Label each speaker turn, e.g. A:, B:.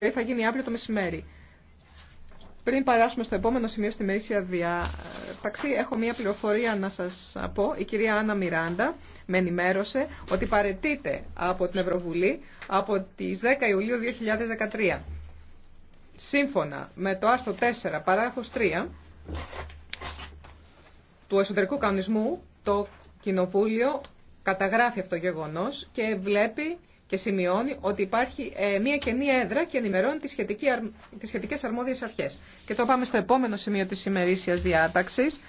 A: Ε, θα γίνει αύριο το μεσημέρι. Πριν παράσουμε στο επόμενο σημείο στη μερίσια διάταξη, έχω μία πληροφορία να σας πω. Η κυρία Άννα Μιράντα με ενημέρωσε ότι παρετείται από την Ευρωβουλή από τις 10 Ιουλίου 2013. Σύμφωνα με το άρθρο 4, παράγραφος 3 του εσωτερικού κανονισμού, το Κοινοβούλιο καταγράφει αυτό το γεγονός και βλέπει και σημειώνει ότι υπάρχει ε, μια κενή έδρα και ενημερώνει τις, σχετική, τις σχετικές αρμόδιες αρχές. Και το πάμε στο επόμενο σημείο της ημερήσιας
B: διάταξης.